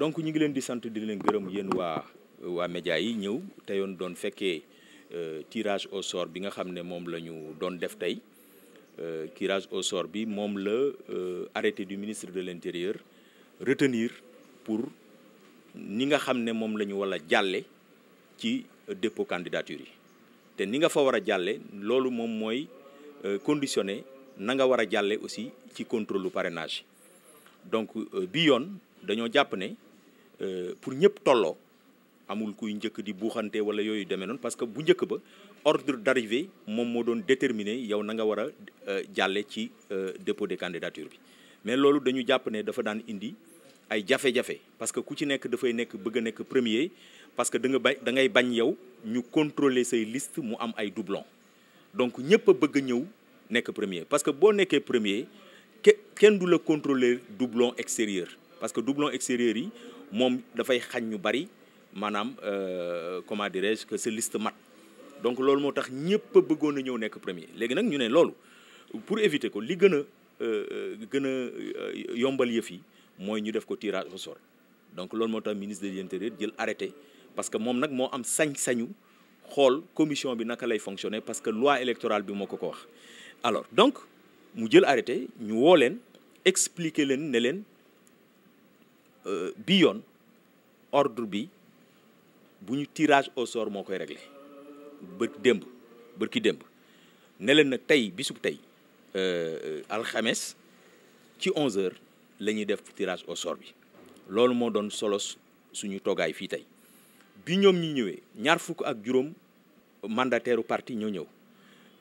donc ñu ngi leen di sant di leen gërëm yéen waa waa média yi ñëw te yoon doon fekkee euh, tirage au sort bi nga xam ne moom la ñu doon def tey euh, tirage au sort bi moom la euh, arrêté du ministre de l'intérieur retenir pour ni nga xam ne moom la ñu war a jàlle ci dépôt candidature yi te ni nga fa war a jàlle loolu moom mooy conditionné na nga war a jàlle aussi ci contrôle parrainage donc bi yoon dañoo jàpp ne Euh, pour ñëpp tolloo amul kuy njëkk di buuxante wala yooyu demee noonu parce que bu njëkk ba ordre d'arrivée moom moo doon déterminer yow na nga war a euh, jàlle ci euh, dépôt des candidatures bi mais loolu dañu jàpp ne dafa daan indi ay jafe-jafe parce que ku ci nekk dafay nekk bëgg a nekk premier parce que da nga ba da ngay bañ yow ñu contrôler say liste mu am ay doublon donc ñëpp bëgg ñëw nekk premier parce que boo nekkee premier ke kenn du la contrôler doublon extérieur parce que doublon extérieur yi moom dafay xañ ñu bari maanaam euh, comment dirais-je que sa liste mat donc loolu moo tax ñëpp a bëggoon a ñëw nekk premier léegi nag ñu ne loolu pour éviter ko li gën a euh, gën a euh, yombal yëf yi mooy ñu def ko tirage au donc loolu moo tax ministre de l'intérieur jël arrêté parce que moom nag moo am sañ-sañu xool commission bi naka lay fonctionner parce que loi électorale bi moo ko ko wax alors donc mu jël arrêté ñu woo leen expliquer leen ne leen Euh, bi yoon ordre bi bu ñu tirage au sort moo koy réglé bër démb bët ki démb ne leen nag tey bisub tey euh, alxames ci 11h la ñuy def tirage au sort bi loolu moo doon solos suñu toggaay fii tey bi ñoom ñi ñëwee ñaar fukk ak juróom mandataire parti ñoo ñëw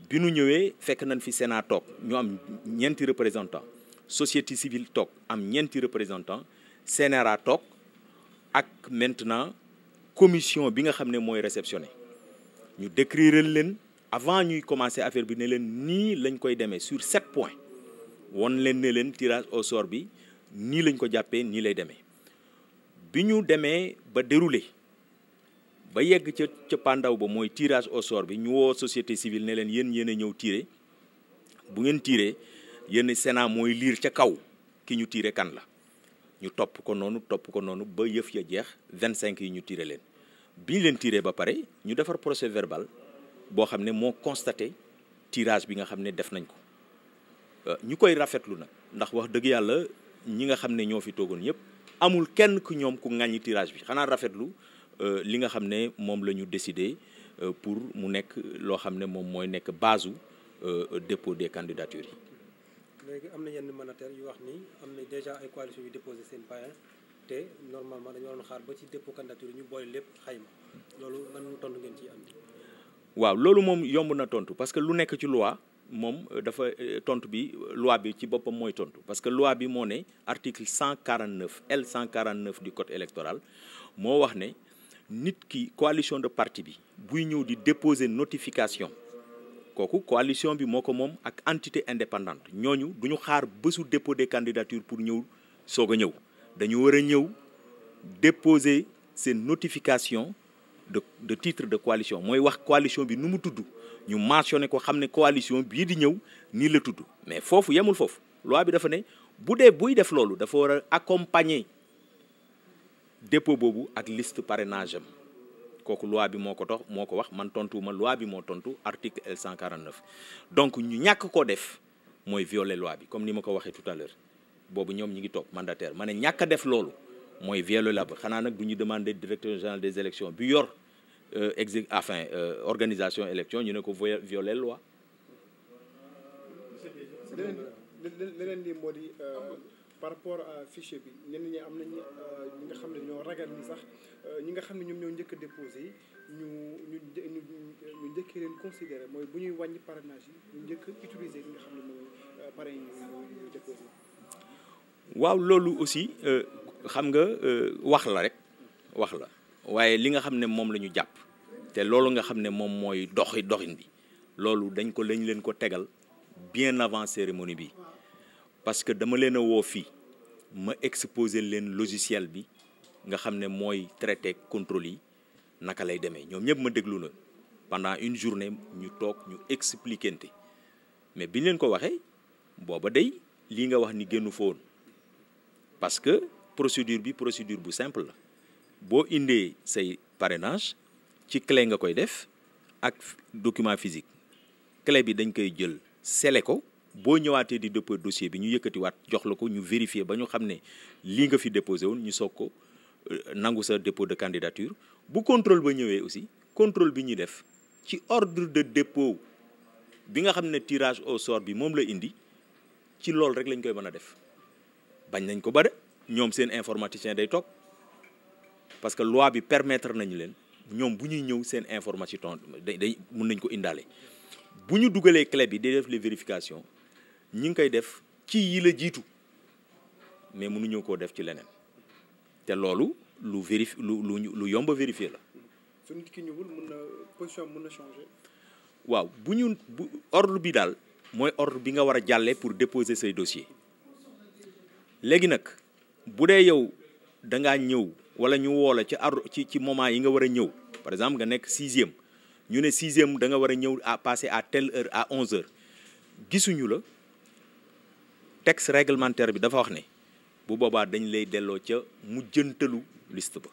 bi ñu ñëwee fekk nañ fi Sénat toog ñu am ñeenti représentant société civile toog am ñeenti représentant CNRA toog ak maintenant commission bi nga xam ne mooy réceptionné ñu décrire leen avant ñuy commencer affaire bi ne leen nii lañ koy demee sur sept points won leen ne leen tirage au sort bi nii lañ ko jàppee nii lay demee bi ñu demee ba déroulé ba yegg ca ca pandaw ba mooy tirage au sort bi ñu woo société civile ne leen yéen yéen a ñëw tiire bu ngeen tiiree yenn Sénat mooy liir ca kaw ki ñu tiire kan la ñu topp ko noonu topp ko noonu ba yëf ya jeex vingt cinq yi ñu tiré leen bi ñu leen tiré ba pare ñu defar procès verbal boo xam ne moo constaté tirage bi nga xam ne def nañ ko euh, ñu koy rafetlu nag ndax wax dëgg yàlla ñi nga xam ne ñoo fi toogoon yëpp amul kenn ku ñoom ku ŋàññi tirage bi xanaa rafetlu euh, li nga xam ne moom la ñu décidé euh, pour mu nekk loo xam ne moom mooy nekk base u dépôt des candidatures yi léegi am na yenn mandataires yu wax ni am na déjà ay coalition yu déposé seen parrain te normalement dañu waroon xaar ba ci dépôt candidature ñu boole lépp xayma loolu lan tontu ngeen ciy am. waaw loolu moom yomb na tontu parce que lu nekk ci loi moom euh, dafa euh, tontu bi loi bi ci boppam mooy tontu parce que loi bi moo ne article 149 L 149 du code électoral moo wax ne nit ki coalition de parti bi buy ñëw di déposé notification. kooku coalition bi moo ko moom ak entité indépendante ñooñu du ñu xaar bésu dépôt des candidatures pour ñëw soog a ñëw dañu war a ñëw déposer seen notification de de titre de coalition mooy wax coalition bi nu mu tudd ñu mentionné ko xam ne coalition bii di ñëw nii la tudd mais foofu yemul foofu loi bi dafa ne bu dee buy def loolu dafa war a accompagner dépôt boobu ak liste parrainage am kooku loi bi moo ko tax moo ko wax man tontuwuma loi bi moo tontu article L donc ñu ñàkk koo def mooy violer loi bi comme ni ma ko waxee tout à l'heure boobu ñoom ñi ngi toog mandataire ma ne ñàkk def loolu mooy violer la xanaa nag du ñu demander directeur général des élections bi yor exi enfin organisation élection ñu ne ko violer loi leneen par rapport à fichier bi ñenn ñi am nañ euh, ñi nga xam ne ñoo ragal ni sax euh, ñi nga xam ne ñoom ñoo njëkk a déposé ñu ñu ñu njëkkee leen considéré mooy bu ñuy wàññi parrainage yi ñu njëkk utiliser li nga euh, ñu waaw loolu aussi xam nga wax la rek wax la waaye li nga xam ne moom la ñu jàpp te loolu nga xam ne moom mooy doxi doxin bi loolu dañ ko lañ leen ko tegal bien avant cérémonie bi parce que dama leen a woo fii ma exposer leen logiciel bi nga xam ne mooy traité contrôle yi naka lay demee ñoom ñëpp ma déglu la pendant une journée ñu toog ñu expliquente mais biñ leen ko waxee booba day lii nga wax ni génnu fa woon parce que procédure bi procédure bu simple la boo indee say parrainage ci clé nga koy def ak document fisique clé bi dañ koy jël sele ko boo ñëwaatee di déposé dossier bi ñu yëkkatiwaat jox la ko ñu vérifier ba ñu xam ne lii nga fi déposé woon ñu soog ko euh, nangu sa dépôt de candidature bu contrôle ba ñëwee aussi contrôle bi ñuy def ci ordre de dépôt bi nga xam ne tirage au sort bi moom la indi ci loolu rek lañ koy mën a def bañ nañ ko ba de ñoom seen informaticien day toog parce que loi bi permettre nañu leen ñoom bu ñuy ñëw seen information day day mun nañ ko indaale. bu ñu dugalee clé bi day def les vérifications ñi ngi koy def ci yi la jiitu mais mënuñu koo def ci leneen te loolu lu vérif lu lu lu yomb a vérifier la. su nit ki ñëwul mën na position na changer. waaw bu ñu bu ordre bi daal mooy ordre bi nga war a jàllee pour déposer say dossier léegi nag bu dee yow da ngaa ñëw wala ñu woo la ci ar ci ci moment yi nga war a ñëw par exemple nga nekk sixième. ñu ne sixième da nga war a ñëw à passer à telle heure à onze heures gisuñu la texte réglementaire bi dafa wax ne bu boobaa dañ lay delloo ca mujjantalu liste ba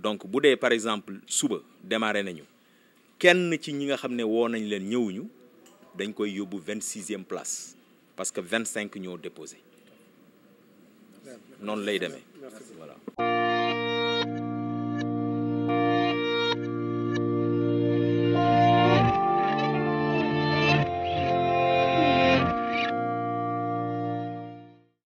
donc bu dee par exemple suba démarré nañu kenn ci ñi nga xam ne woo nañ leen ñëwuñu dañ koy yóbbu vingt sixième place parce que vingt cinq ñoo déposé noonu lay demee